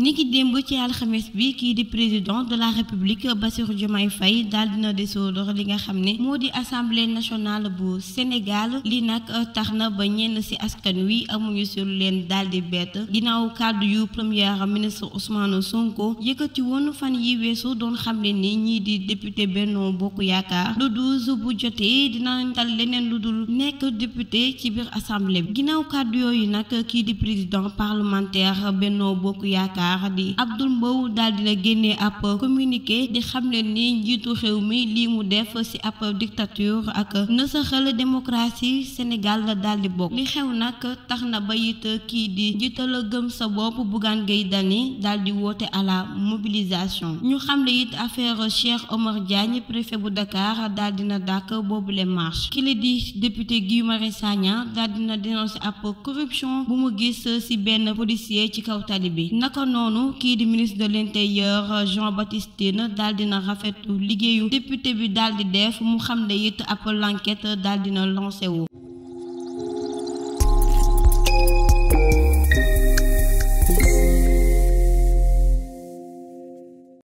niki démb ci alxames bi kii di président de la république ba Bassirou Diomaye fay daal dina dissoudre li nga xam ne moo di assemblée nationale bu Sénégal li nag euh, tax na ba ñenn ci askan wi amuñu sur leen daal di bett ginnaaw kàddu yu premier ministre Ousmane Sonko yëkkati woon fan yi weesu doon xam ne ni ñii di député Benno Bokk Yaakaar lu douze bu jotee dina tal leneen lu dul nekk député ci biir assemblée bi ginnaaw kàddu yooyu nag kii di président parlementaire Benno Bokk Yaakaar Sarr di Abdoul Mbow daal dina génnee ab communiqué di xam leen ni njiitu réew mi lii mu def ci ab dictature ak nasaxal démocratie Sénégal la daal di bokk li xew nag tax na ba yit kii di njiital gëm sa bopp Bougane Gueye Dany daal di woote à la mobilisation ñu xamle it affaire Cheikh Omar Diagne préfet bu Dakar daal na dàkk boobu marche ki la di député Guy Marius Sagna daal dina dénoncé ab corruption bu mu gis ci benn policier ci kaw tali bi noonu kii di ministre de l'intérieur Jean Baptiste Tine daal dina rafetu liggéeyu député bi daal di def mu xam ne it ab l'enquête daal dina lancé wu